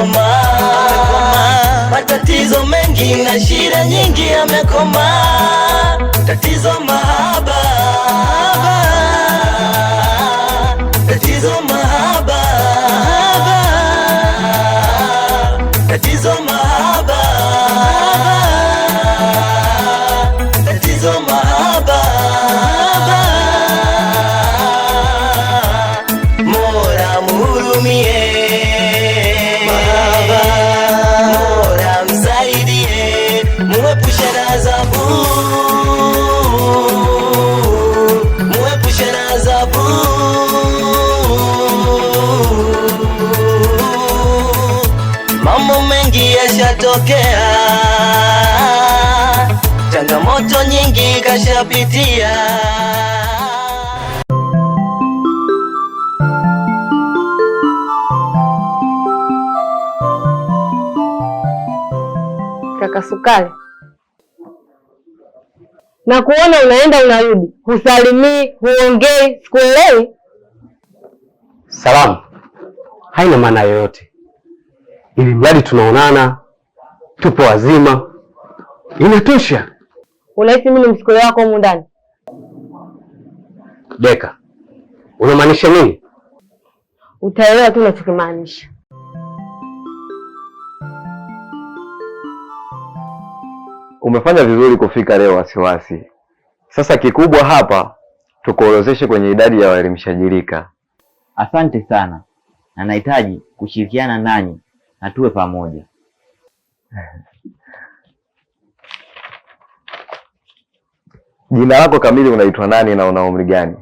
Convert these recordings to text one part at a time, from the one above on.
amekoma, matatizo mengi na shida nyingi amekoma, tatizo mahaba kutokea, changamoto nyingi kashapitia. Kaka Sukari, na kuona unaenda unarudi, husalimii, huongei, sikuelewi. Salamu haina maana yoyote, ili mradi tunaonana tupo wazima, inatosha. Unahisi mimi ni wako humu ndani? Deka, unamaanisha nini? Utaelewa tu unachokimaanisha. Umefanya vizuri kufika leo, wasiwasi. Sasa kikubwa hapa tukuorozeshe kwenye idadi ya waelimshajirika. Asante sana, na nahitaji kushirikiana nanyi na tuwe pamoja. Eh. Jina lako kamili unaitwa nani na una umri gani?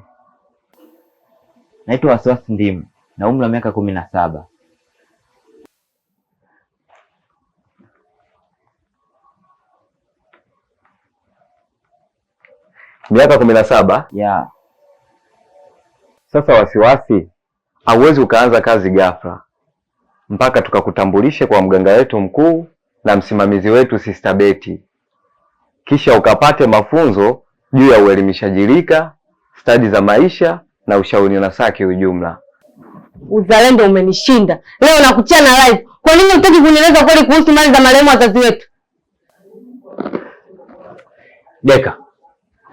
Naitwa Wasiwasi Ndimu na umri wa miaka kumi na saba. Miaka kumi na saba? Yeah. Sasa Wasiwasi, hauwezi ukaanza kazi ghafla mpaka tukakutambulishe kwa mganga wetu mkuu na msimamizi wetu Sister Betty, kisha ukapate mafunzo juu ya uelimishaji rika, stadi za maisha na ushauri nasaha kiujumla. Uzalendo umenishinda leo, na live. Kwa nini hutaki kunieleza kweli kuhusu mali za marehemu wazazi wetu? Deka,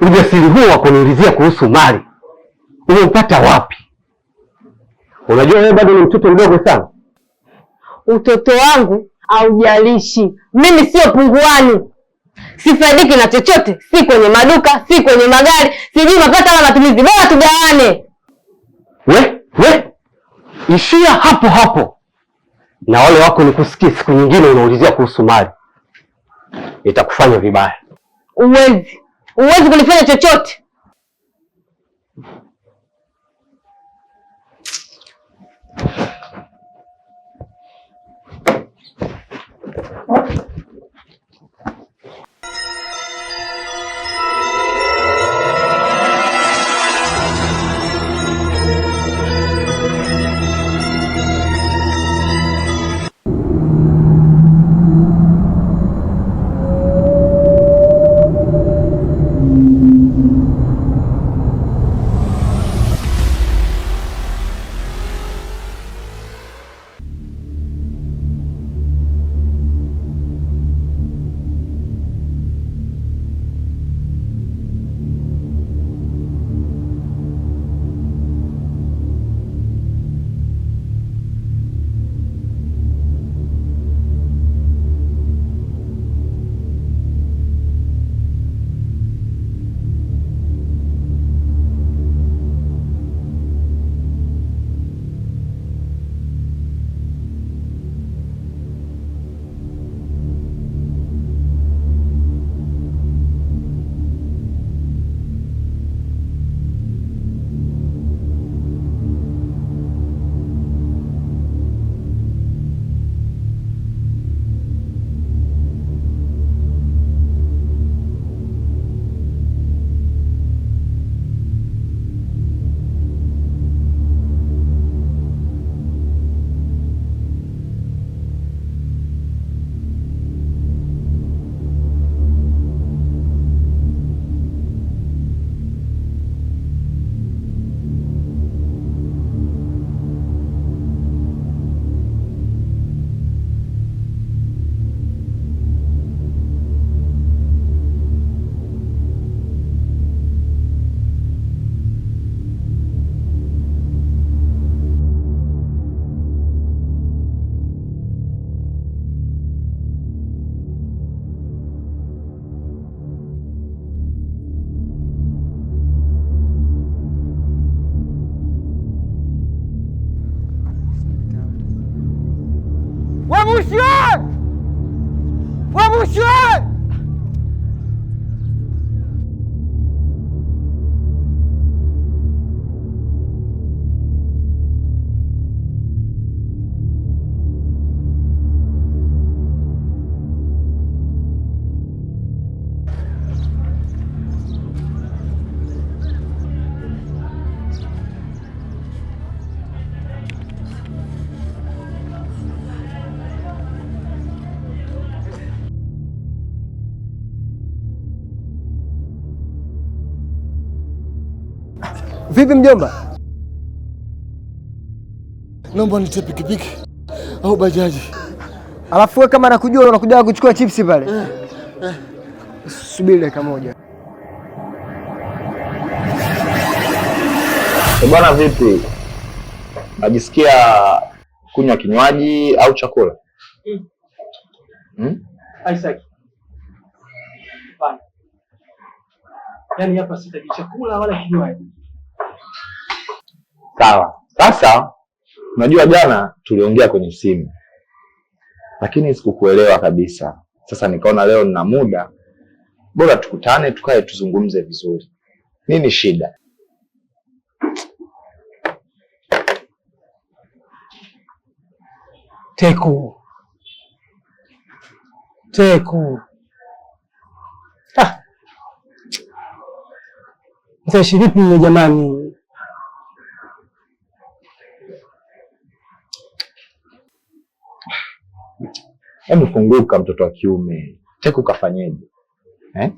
ujasiri huo wa kuniulizia kuhusu mali umempata wapi? Unajua wewe bado ni mtoto mdogo sana. Utoto wangu Haujalishi, mimi sio punguani, sifaidiki na chochote, si kwenye maduka, si kwenye magari, sijui mapato wala matumizi. Bora tugawane. We we, ishia hapo hapo na wale wako nikusikie. Siku nyingine unaulizia kuhusu mali, itakufanya vibaya. Uwezi uwezi kunifanya chochote. porta. Vipi mjomba? Naomba nitie pikipiki au bajaji. Alafu wewe kama nakujua unakuja kuchukua chipsi pale. Eh, eh. Subiri dakika moja. Eh, bwana vipi? Najisikia kunywa kinywaji au chakula? Mm. Mm? Isaac. Bana. Yaani hapa sitaji chakula wala kinywaji. Sawa. Sasa unajua jana tuliongea kwenye simu, lakini sikukuelewa kabisa. Sasa nikaona leo nina muda, bora tukutane, tukae tuzungumze vizuri. Nini shida? Teku, Teku mzee, shiriki jamani Hebu funguka, mtoto wa kiume, teka ukafanyeje eh?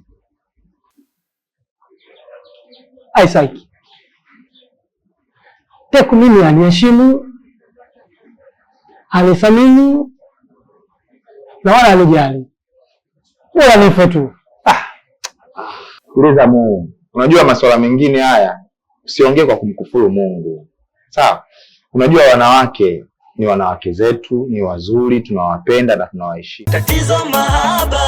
Aisaiki teku mimi aniheshimu, anithamini na wala anijali, wala nife tu. Sikiliza ah. Mungu, unajua masuala mengine haya usiongee kwa kumkufuru Mungu, sawa? Unajua wanawake ni wanawake zetu, ni wazuri, tunawapenda na tunawaheshimu. Tatizo mahaba.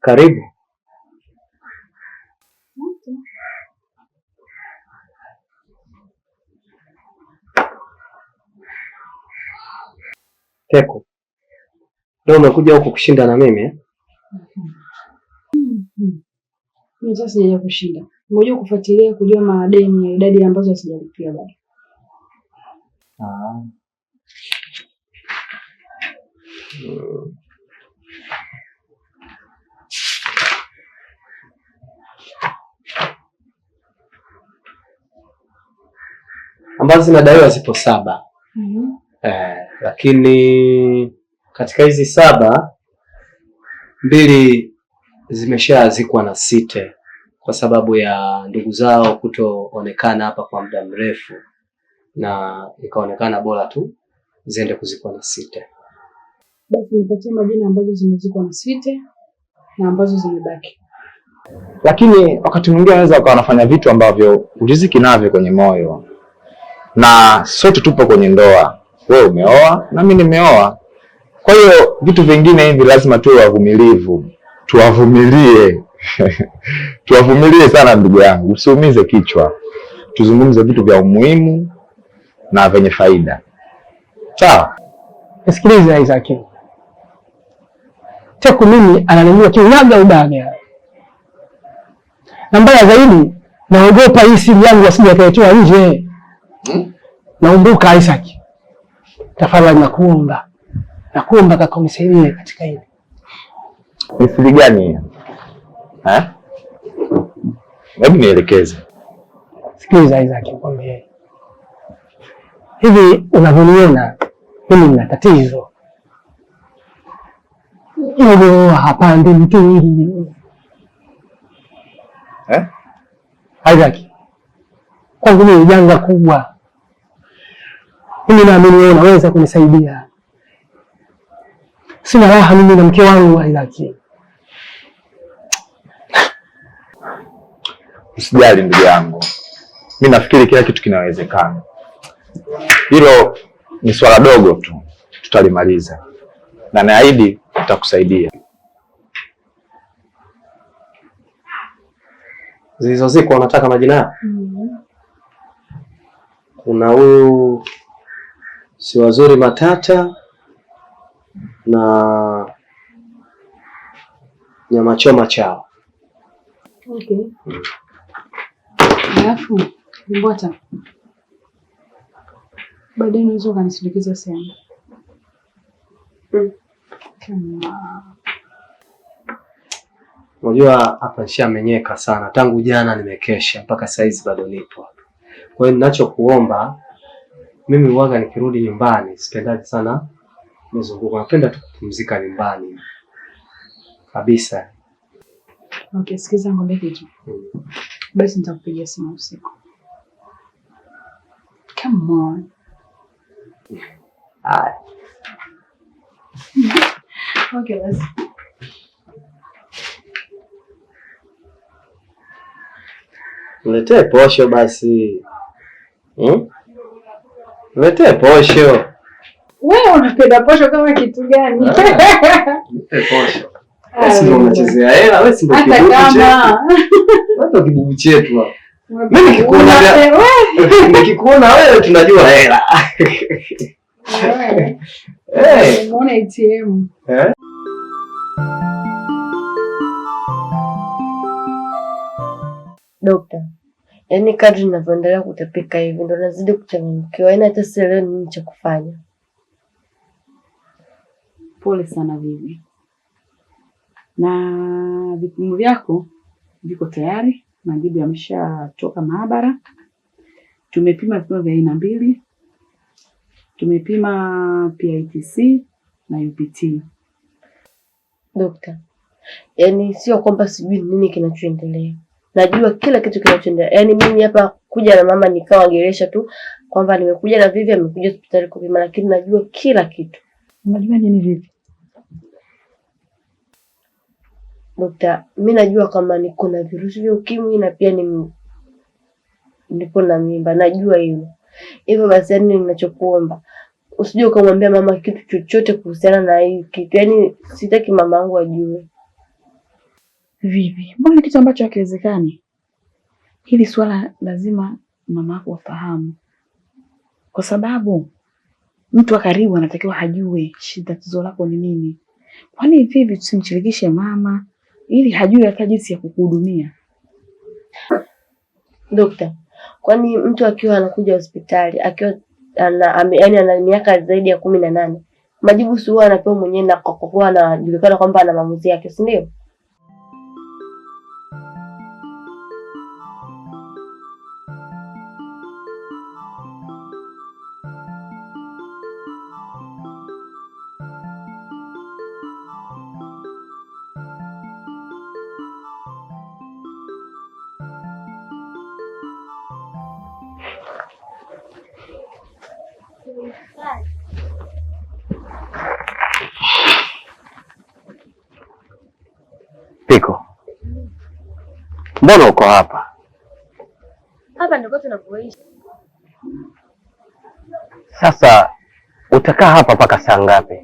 Karibu. Peko, leo umekuja huku kushinda na mimi eh? Sasa sijaja kushinda, ngoja kufuatilia kujua madeni ya idadi ambazo hazijalipia bado. Ah. ambazo zinadaiwa zipo saba. mm -hmm. Eh, lakini katika hizi saba mbili zimeshazikwa na Site kwa sababu ya ndugu zao kutoonekana hapa kwa muda mrefu, na ikaonekana bora tu ziende kuzikwa na Site. Basi nipatie majina ambazo zimezikwa na Site na ambazo zimebaki. Lakini wakati mwingine anaweza ukawa anafanya vitu ambavyo uliziki navyo kwenye moyo, na sote tupo kwenye ndoa wewe umeoa na mimi nimeoa. Kwa hiyo vitu vingine hivi lazima tuwe wavumilivu, tuwavumilie tuwavumilie sana ndugu yangu, usiumize kichwa, tuzungumze vitu vya umuhimu na vyenye faida. Sawa, sikiliza Isaac, Teku mimi ananijua kinaga ubaga, na mbaya zaidi naogopa hii siri yangu asije akaletewa nje. Hmm? Naumbuka Isaac Tafadhali nakuomba, nakuomba kaka, unisaidie katika hili. Ni gani gani? Hebu nielekeze. Sikiliza Isaac, nikwambie hivi, unavyoniona mimi nina tatizo Jogo hapandi mtungi eh? Isaac, kwangu ni janga kubwa mimi naamini wewe unaweza kunisaidia. Sina raha mimi na mke wangu Ailaki. Usijali ndugu yangu, mi nafikiri kila kitu kinawezekana. Hilo ni swala dogo tu, tutalimaliza na naahidi nitakusaidia. Zilizozikwa unataka majina? mm -hmm. kuna huyu si wazuri matata na nyama choma chao. Okay. Alafu Mbwata, baadaye unaweza ukanisindikiza sehemu mm. Unajua hapa nishamenyeka sana tangu jana, nimekesha mpaka saizi bado nipo. Kwa hiyo ninachokuomba mimi waga nikirudi nyumbani sipendaji sana mizunguko, napenda tu kupumzika nyumbani kabisa. Okay, sikiza ngombe kitu mm. Basi nitakupigia simu usiku. Come on. Okay, basi. Niletee posho basi. Hmm? Niletee posho. Wewe unapenda posho kama kitu gani? Niletee ah, posho. Basi ah, ndio unachezea hela, wewe si ndio Hata kama. Hata kibubu chetu hapo. Mimi nikikuona wewe, nikikuona wewe tunajua hela. Ah, eh, unaona ATM. Eh? Dokta, Yaani kadri ninavyoendelea kutapika hivi ndo nazidi kuchanganyikiwa, yaani hata sielewi nini cha kufanya. Pole sana vivi na vipimo vyako viko tayari, majibu yameshatoka maabara. Tumepima vipimo vya aina mbili, tumepima PITC na UPT. Dokta, yaani sio kwamba sijui nini kinachoendelea najua kila kitu kinachoendelea. Yaani mimi hapa kuja na mama nikawa geresha tu kwamba nimekuja na Vivi amekuja hospitali kupima, lakini najua kila kitu. Unajua nini Vivi? Dokta, mimi najua kama niko na virusi vya ukimwi na pia ni niko na mimba, najua hilo. Hivyo basi, yani ninachokuomba usije ukamwambia mama kitu chochote kuhusiana na hii kitu, yaani sitaki mama yangu ajue. Vipi, mbona kitu ambacho hakiwezekani? Hili swala lazima mama yako afahamu, kwa sababu mtu wa karibu anatakiwa hajue shida, tatizo lako ni nini. Kwani vipi tusimshirikishe mama ili hajue hata jinsi ya kukuhudumia? Dokta, kwani mtu akiwa anakuja hospitali akiwa yani ana miaka zaidi ya kumi na nane majibu si huwa anapewa mwenyewe na kwa kuwa anajulikana kwamba ana maamuzi yake, si ndio? Mbona uko hapa? Hapa ndio tunapoishi. Sasa utakaa hapa mpaka saa ngapi?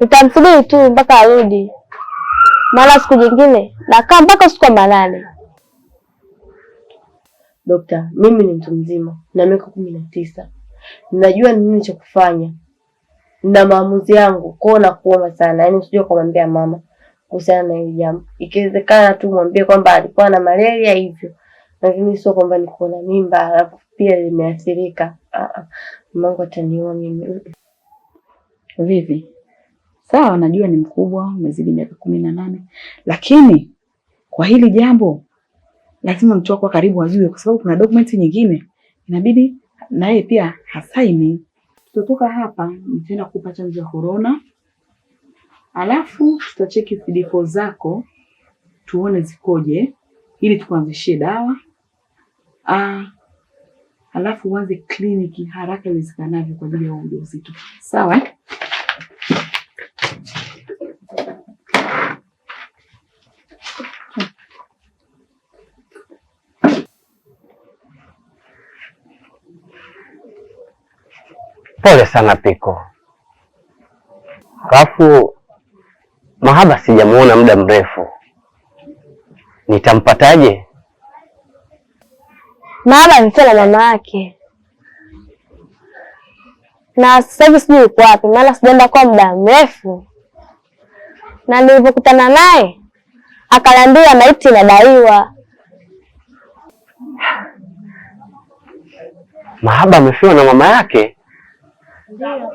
Nitamsubiri tu mpaka arudi, maana siku nyingine nakaa mpaka usiku wa manane. Dokta, mimi ni mtu mzima na miaka kumi na tisa, ninajua ni nini cha kufanya na maamuzi yangu kwao. Nakuomba sana, yaani usije ukamwambia mama kuhusiana na hili jambo. Ikiwezekana tu mwambie kwamba alikuwa na malaria hivyo, lakini sio kwamba niko na mimba alafu pia limeathirika. Mamangu ataniua mimi. Vivi, sawa, najua ni mkubwa, umezidi miaka kumi na nane, lakini kwa hili jambo lazima mtu wako karibu ajue, kwa sababu kuna dokumenti nyingine inabidi na yeye pia hasaini. Tutotoka hapa mtenda kupata chanjo ya korona alafu tutacheki cd zako tuone zikoje, ili tukuanzishie dawa ah, alafu uanze kliniki haraka iwezekanavyo kwa ajili ya ujauzito. Sawa Pole sana Piko. Alafu Mahaba sijamuona muda mrefu, nitampataje? Mahaba amefiwa na mama yake, na sasa hivi sijui uko wapi, maana sijaenda kwa muda mrefu, na nilipokutana naye akalambia maiti inadaiwa. Mahaba amefiwa na mama yake? Ndio.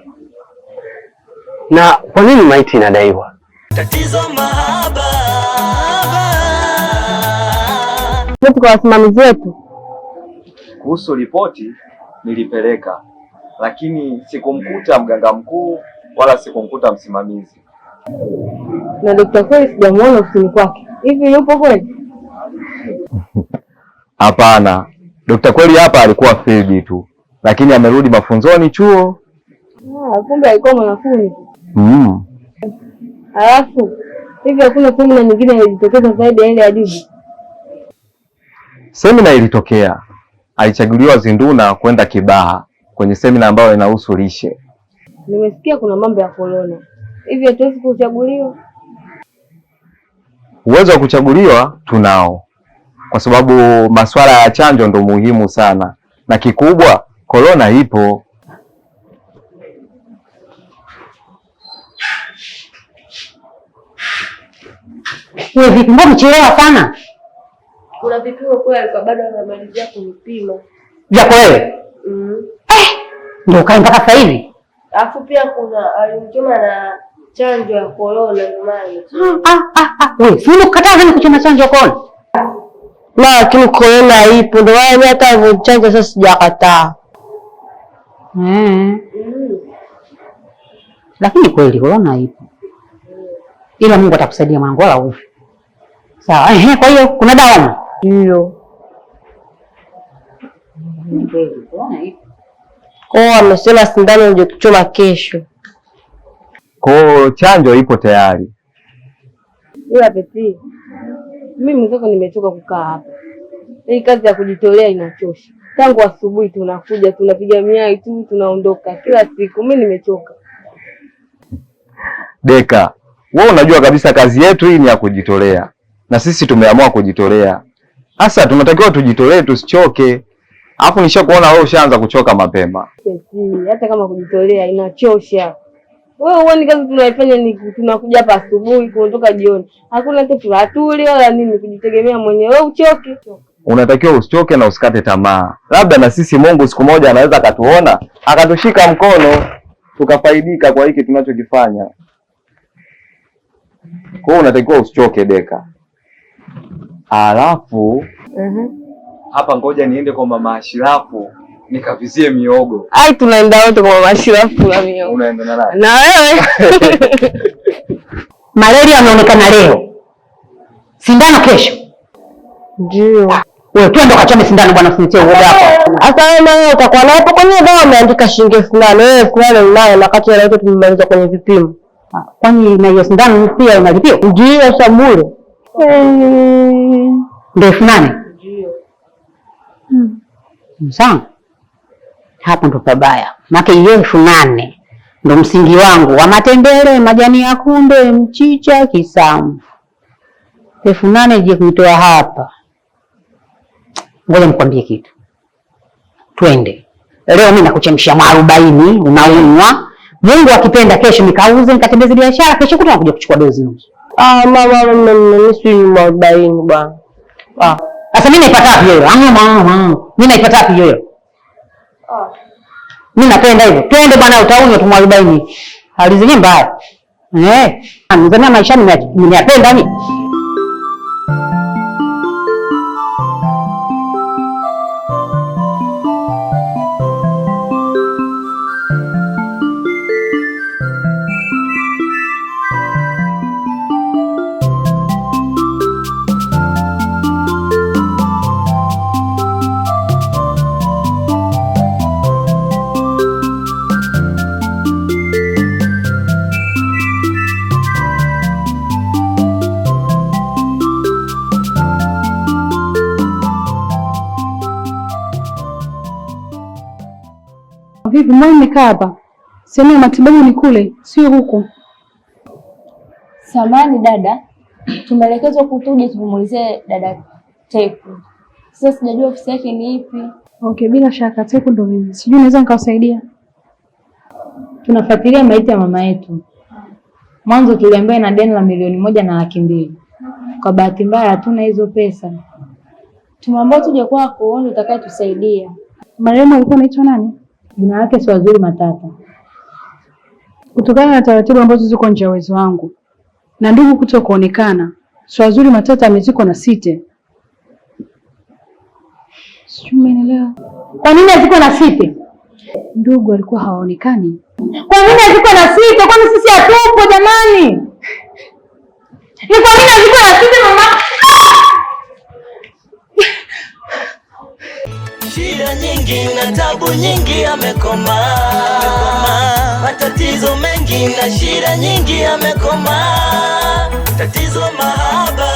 Na kwa nini maiti inadaiwa? tatizo mahaba. Vipi kwa wasimamizi wetu? Kuhusu ripoti nilipeleka, lakini sikumkuta mganga mkuu wala sikumkuta msimamizi na Dokta Kweli sijamuona ofisini kwake. Hivi yupo kweli? Hapana, Dokta Kweli hapa alikuwa field tu, lakini amerudi mafunzoni chuo. Ah, kumbe alikuwa mwanafunzi. Mm. Alafu hivi hakuna semina nyingine ilijitokeza zaidi ya ile ya juzi? Semina ilitokea, alichaguliwa Zinduna kwenda Kibaha kwenye semina ambayo inahusu lishe. Nimesikia kuna mambo ya korona, hivi hatuwezi kuchaguliwa? Uwezo wa kuchaguliwa tunao, kwa sababu masuala ya chanjo ndo muhimu sana, na kikubwa korona ipo Wewe vipi, mbona umechelewa sana? Kuna vipimo kweli kwa bado anamalizia kunipima. Vyako wewe? Mhm. Eh, ndio kae mpaka sasa hivi. Alafu pia kuna alimchoma na chanjo ya corona ndio maana. Ah ah ah, wewe si unakataa sana kuchoma chanjo ya corona? Na lakini corona ipo ndio maana hata hivyo chanjo sasa sijakataa. Eh. Mm. Lakini kweli corona ipo. Ila Mungu atakusaidia mwanangu wala ufi. Sawa. Kwa hiyo kuna dawa hiyo kwao, wamesema sindano ndio kuchoma kesho kwao, chanjo ipo tayari. Ila Peti, mimi mwenzako nimechoka kukaa hapa. Hii kazi ya kujitolea inachosha. Tangu asubuhi tunakuja tunapiga miai tu tunaondoka, kila siku. Mimi nimechoka. Deka, wewe unajua kabisa kazi yetu hii ni ya kujitolea na sisi tumeamua kujitolea. Sasa tunatakiwa tujitolee, tusichoke. Alafu nishakuona wewe ushaanza kuchoka mapema. Hata kama kujitolea inachosha. Wewe uone kazi tunaifanya ni tunakuja hapa asubuhi kuondoka jioni. Hakuna kitu tulatuli wala nini, kujitegemea mwenyewe. Wewe uchoke. Unatakiwa usichoke na usikate tamaa. Labda na sisi Mungu siku moja anaweza akatuona, akatushika mkono tukafaidika kwa hiki tunachokifanya. Kwa hiyo unatakiwa usichoke Deka. Alafu mm-hmm. Hapa ngoja niende kwa mama Ashirafu nikavizie miogo. Ai, tunaenda wote kwa mama Ashirafu na miogo. Unaenda na nani? Na wewe. Malaria ameonekana leo, sindano kesho. Ndio. Wewe twende ukachome sindano bwana, usinitie uoga hapa. Sasa wewe nawe utakuwa na hapo kwenye dawa ameandika shilingi elfu nane. Wewe elfu nane unayo na kati ya yote tumemaliza kwenye vipimo. Ah, kwani na hiyo sindano pia unalipia? Ndio, sabure. Ndio elfu nane mzangu, hmm, hapo ndo pabaya make hiyo elfu nane ndo msingi wangu wa matembele, majani ya kunde, mchicha, kisamvu. elfu nane je, kuitoa hapa? Ngoja nikwambie kitu, twende leo. Mimi mwa mwarobaini, unaunywa. Mungu akipenda, kesho nikauze nikatembeze biashara, kesho kuta nakuja kuchukua dozi nusu Ah, mimi sijui nyuma arobaini bwana. Ah. Sasa mimi naipata wapi hiyo? Ah, mimi naipata wapi hiyo? Mimi napenda hivyo, twende bwana, utauni tuma arobaini. Hali zenyewe mbaya, nizamia eh? maisha nimeyapenda. Mbona mekaa hapa? Sehemu ya matibabu ni kule, sio huku. Samani dada, tumeelekezwa kutuje tumuulizie dada Teku. Sasa sijajua ofisi yake ni ipi. Okay, bila shaka Teku ndo mimi. Sijui naweza nikawasaidia. Tunafuatilia maiti ya mama yetu. Mwanzo tuliambiwa ina deni la milioni moja na laki mbili. Kwa bahati mbaya hatuna hizo pesa. Tumeambiwa tuje kwako, wewe utakayetusaidia. Marehemu alikuwa anaitwa nani? Jina lake si wazuri Matata, kutokana na taratibu ambazo ziko nje ya uwezo wangu na ndugu kuto kuonekana. Si wazuri Matata amezikwa na Site. Sijui umeelewa. Kwa nini aziko na Site? Ndugu alikuwa hawaonekani. Kwa nini aziko na Site? Kwani sisi hatupo jamani? Ni kwa nini aziko na Site mama? mengi na tabu nyingi, amekoma matatizo mengi na shida nyingi, amekoma tatizo mahaba